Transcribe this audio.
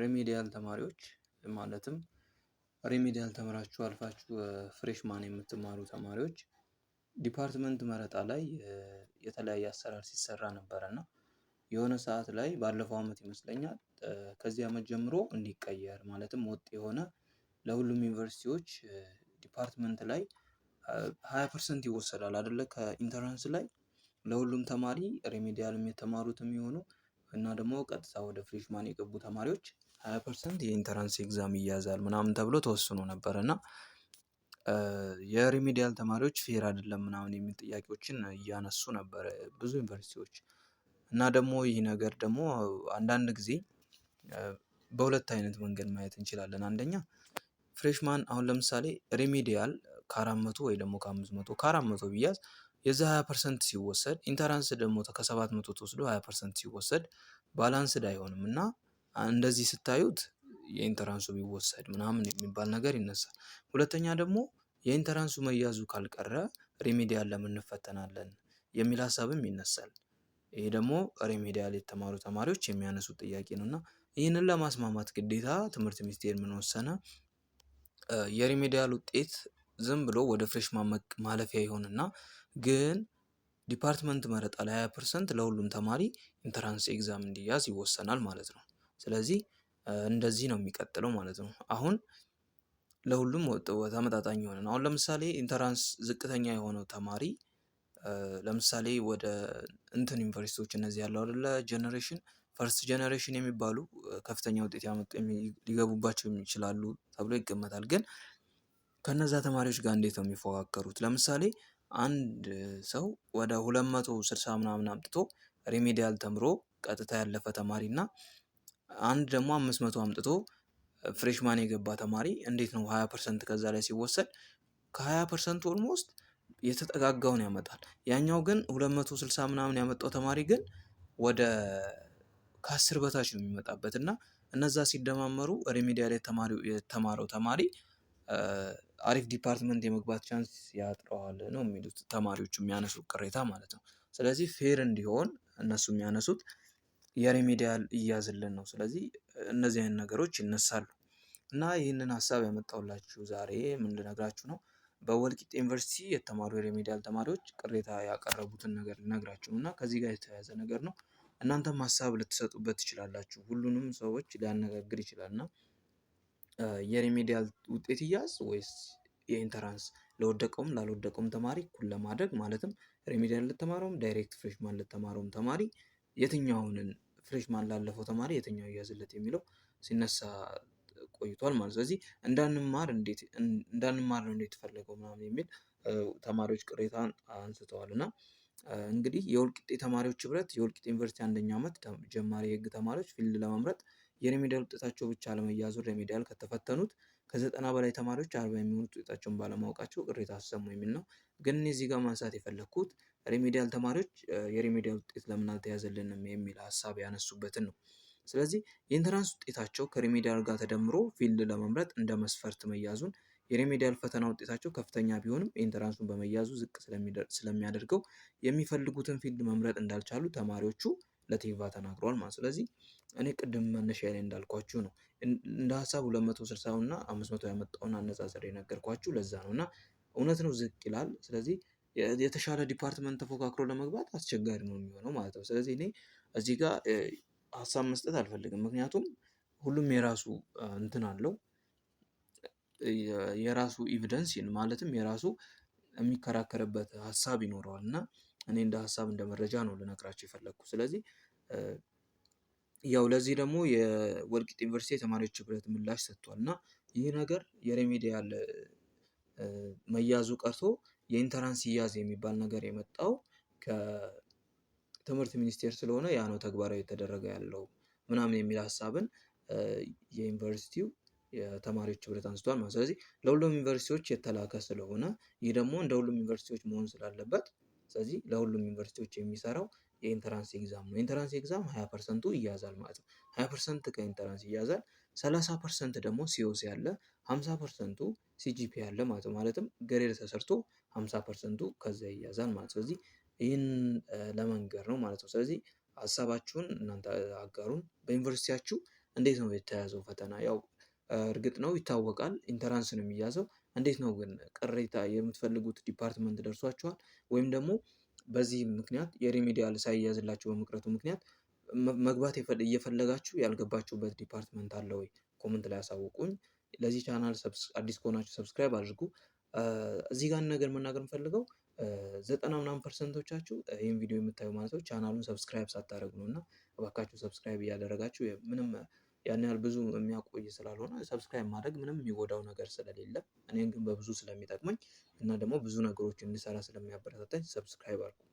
ሪሚዲያል ተማሪዎች ማለትም ሪሚዲያል ተምራችሁ አልፋችሁ ፍሬሽማን የምትማሩ ተማሪዎች ዲፓርትመንት መረጣ ላይ የተለያየ አሰራር ሲሰራ ነበረ እና የሆነ ሰዓት ላይ ባለፈው ዓመት ይመስለኛል ከዚህ ዓመት ጀምሮ እንዲቀየር ማለትም ወጥ የሆነ ለሁሉም ዩኒቨርሲቲዎች ዲፓርትመንት ላይ ሀያ ፐርሰንት ይወሰዳል አደለ ከኢንተራንስ ላይ ለሁሉም ተማሪ ሪሚዲያል የተማሩት የሚሆኑ እና ደግሞ ቀጥታ ወደ ፍሬሽማን የገቡ ተማሪዎች ሀያ ፐርሰንት የኢንተራንስ ኤግዛም ይያዛል ምናምን ተብሎ ተወስኖ ነበር እና የሪሚዲያል ተማሪዎች ፌር አይደለም ምናምን የሚል ጥያቄዎችን እያነሱ ነበረ ብዙ ዩኒቨርሲቲዎች። እና ደግሞ ይህ ነገር ደግሞ አንዳንድ ጊዜ በሁለት አይነት መንገድ ማየት እንችላለን። አንደኛ ፍሬሽማን አሁን ለምሳሌ ሪሚዲያል ከአራት መቶ ወይ ደግሞ ከአምስት መቶ ከአራት መቶ ቢያዝ የዛ ሀያ ፐርሰንት ሲወሰድ ኢንተራንስ ደግሞ ከሰባት መቶ ተወስዶ ሀያ ፐርሰንት ሲወሰድ ባላንስድ አይሆንም እና እንደዚህ ስታዩት የኢንተራንሱ ቢወሰድ ምናምን የሚባል ነገር ይነሳል። ሁለተኛ ደግሞ የኢንተራንሱ መያዙ ካልቀረ ሪሜዲያል ለምን እንፈተናለን የሚል ሀሳብም ይነሳል። ይሄ ደግሞ ሪሜዲያል የተማሩ ተማሪዎች የሚያነሱ ጥያቄ ነው እና ይህንን ለማስማማት ግዴታ ትምህርት ሚኒስቴር ምን ወሰነ? የሪሜዲያል ውጤት ዝም ብሎ ወደ ፍሬሽ ማለፊያ ይሆንና ግን ዲፓርትመንት መረጣ ላይ 20 ፐርሰንት ለሁሉም ተማሪ ኢንተራንስ ኤግዛም እንዲያዝ ይወሰናል ማለት ነው። ስለዚህ እንደዚህ ነው የሚቀጥለው ማለት ነው። አሁን ለሁሉም ተመጣጣኝ የሆነ ነው። አሁን ለምሳሌ ኢንተራንስ ዝቅተኛ የሆነው ተማሪ ለምሳሌ ወደ እንትን ዩኒቨርሲቲዎች እነዚህ ያለው አይደለ ጀኔሬሽን ፈርስት ጀኔሬሽን የሚባሉ ከፍተኛ ውጤት ሊገቡባቸው ይችላሉ ተብሎ ይገመታል ግን ከነዛ ተማሪዎች ጋር እንዴት ነው የሚፎካከሩት? ለምሳሌ አንድ ሰው ወደ ሁለት መቶ ስልሳ ምናምን አምጥቶ ሪሜዲያል ተምሮ ቀጥታ ያለፈ ተማሪ እና አንድ ደግሞ አምስት መቶ አምጥቶ ፍሬሽማን የገባ ተማሪ እንዴት ነው ሀያ ፐርሰንት ከዛ ላይ ሲወሰድ ከሀያ ፐርሰንት ኦልሞስት የተጠጋጋውን ያመጣል። ያኛው ግን ሁለት መቶ ስልሳ ምናምን ያመጣው ተማሪ ግን ወደ ከአስር በታች ነው የሚመጣበት እና እነዛ ሲደማመሩ ሪሜዲያል የተማረው ተማሪ አሪፍ ዲፓርትመንት የመግባት ቻንስ ያጥረዋል ነው የሚሉት ተማሪዎቹ የሚያነሱት ቅሬታ ማለት ነው። ስለዚህ ፌር እንዲሆን እነሱ የሚያነሱት የሪሚዲያል እያዝልን ነው። ስለዚህ እነዚህ አይነት ነገሮች ይነሳሉ እና ይህንን ሀሳብ ያመጣውላችሁ ዛሬ ምን ልነግራችሁ ነው በወልቂጤ ዩኒቨርሲቲ የተማሩ የሪሚዲያል ተማሪዎች ቅሬታ ያቀረቡትን ነገር ልነግራችሁ እና ከዚህ ጋር የተያያዘ ነገር ነው። እናንተም ሀሳብ ልትሰጡበት ትችላላችሁ። ሁሉንም ሰዎች ሊያነጋግር ይችላል እና የሪሜዲያል ውጤት ይያዝ ወይስ የኢንተራንስ ለወደቀውም ላልወደቀውም ተማሪ እኩል ለማድረግ ማለትም ሪሜዲያል ለተማረውም ዳይሬክት ፍሬሽማን ለተማረውም ተማሪ የትኛውንን ፍሬሽማን ላለፈው ተማሪ የትኛው ይያዝለት የሚለው ሲነሳ ቆይቷል ማለት ስለዚህ እንዳንማር እንዴት እንዳንማር ነው እንዴት ፈለገው ምናምን የሚል ተማሪዎች ቅሬታን አንስተዋል እና እንግዲህ የወልቂጤ ተማሪዎች ህብረት የወልቂጤ ዩኒቨርሲቲ አንደኛ ዓመት ጀማሪ የህግ ተማሪዎች ፊልድ ለመምረጥ የሪሜዲያል ውጤታቸው ብቻ አለመያዙ ሪሜዲያል ከተፈተኑት ከዘጠና በላይ ተማሪዎች አርባ የሚሆኑት ውጤታቸውን ባለማወቃቸው ቅሬታ አሰሙ የሚል ነው። ግን እኔ እዚህ ጋር ማንሳት የፈለግኩት ሪሜዲያል ተማሪዎች የሪሜዲያል ውጤት ለምን አልተያዘልንም የሚል ሀሳብ ያነሱበትን ነው። ስለዚህ የኢንትራንስ ውጤታቸው ከሪሜዲያል ጋር ተደምሮ ፊልድ ለመምረጥ እንደ መስፈርት መያዙን የሪሜዲያል ፈተና ውጤታቸው ከፍተኛ ቢሆንም ኢንትራንሱን በመያዙ ዝቅ ስለሚያደርገው የሚፈልጉትን ፊልድ መምረጥ እንዳልቻሉ ተማሪዎቹ ለቲቫ ተናግረዋል ማለት ስለዚህ እኔ ቅድም መነሻ ላይ እንዳልኳችሁ ነው እንደ ሀሳብ 260 እና 500 ያመጣውን አነጻጸር የነገርኳችሁ ለዛ ነው እና እውነት ነው ዝቅ ይላል ስለዚህ የተሻለ ዲፓርትመንት ተፎካክሮ ለመግባት አስቸጋሪ ነው የሚሆነው ማለት ነው ስለዚህ እኔ እዚህ ጋር ሀሳብ መስጠት አልፈልግም ምክንያቱም ሁሉም የራሱ እንትን አለው የራሱ ኤቪደንስ ማለትም የራሱ የሚከራከርበት ሀሳብ ይኖረዋል እና እኔ እንደ ሀሳብ እንደ መረጃ ነው ልነግራቸው የፈለግኩ። ስለዚህ ያው ለዚህ ደግሞ የወልቂጥ ዩኒቨርሲቲ የተማሪዎች ህብረት ምላሽ ሰጥቷል እና ይህ ነገር የሬሜዲያል መያዙ ቀርቶ የኢንተራንስ ይያዝ የሚባል ነገር የመጣው ከትምህርት ሚኒስቴር ስለሆነ ያ ነው ተግባራዊ የተደረገ ያለው ምናምን የሚል ሀሳብን የዩኒቨርሲቲው የተማሪዎች ህብረት አንስቷል ማለት ስለዚህ ለሁሉም ዩኒቨርሲቲዎች የተላከ ስለሆነ ይህ ደግሞ እንደ ሁሉም ዩኒቨርሲቲዎች መሆን ስላለበት ስለዚህ ለሁሉም ዩኒቨርሲቲዎች የሚሰራው የኢንተራንስ ኤግዛም ነው። ኢንተራንስ ኤግዛም 20 ፐርሰንቱ ይያዛል ማለት ነው። 20 ፐርሰንት ከኢንተራንስ ይያዛል። 30 ፐርሰንት ደግሞ ሲኦሲ ያለ፣ 50 ፐርሰንቱ ሲጂፒ ያለ ማለት ነው። ማለትም ግሬድ ተሰርቶ 50 ፐርሰንቱ ከዛ ይያዛል ማለት ስለዚህ ይህን ለመንገር ነው ማለት ነው። ስለዚህ ሀሳባችሁን እናንተ አጋሩን። በዩኒቨርሲቲያችሁ እንዴት ነው የተያዘው ፈተና? ያው እርግጥ ነው ይታወቃል፣ ኢንተራንስ ነው የሚያዘው እንዴት ነው ግን ቅሬታ የምትፈልጉት ዲፓርትመንት ደርሷችኋል? ወይም ደግሞ በዚህ ምክንያት የሪሚዲያል ሳይያዝላችሁ በመቅረቱ ምክንያት መግባት እየፈለጋችሁ ያልገባችሁበት ዲፓርትመንት አለ ወይ? ኮመንት ላይ ያሳውቁኝ። ለዚህ ቻናል አዲስ ከሆናችሁ ሰብስክራይብ አድርጉ። እዚህ ጋር ነገር መናገር የምፈልገው ዘጠና ምናምን ፐርሰንቶቻችሁ ይህን ቪዲዮ የምታዩ ማለት ነው ቻናሉን ሰብስክራይብ ሳታደረጉ ነው እና እባካችሁ ሰብስክራይብ እያደረጋችሁ ምንም ያን ያህል ብዙ የሚያቆይ ስላልሆነ ሰብስክራይብ ማድረግ ምንም የሚጎዳው ነገር ስለሌለ እኔን ግን በብዙ ስለሚጠቅመኝ እና ደግሞ ብዙ ነገሮች እንድሰራ ስለሚያበረታታኝ ሰብስክራይብ አድርጉ።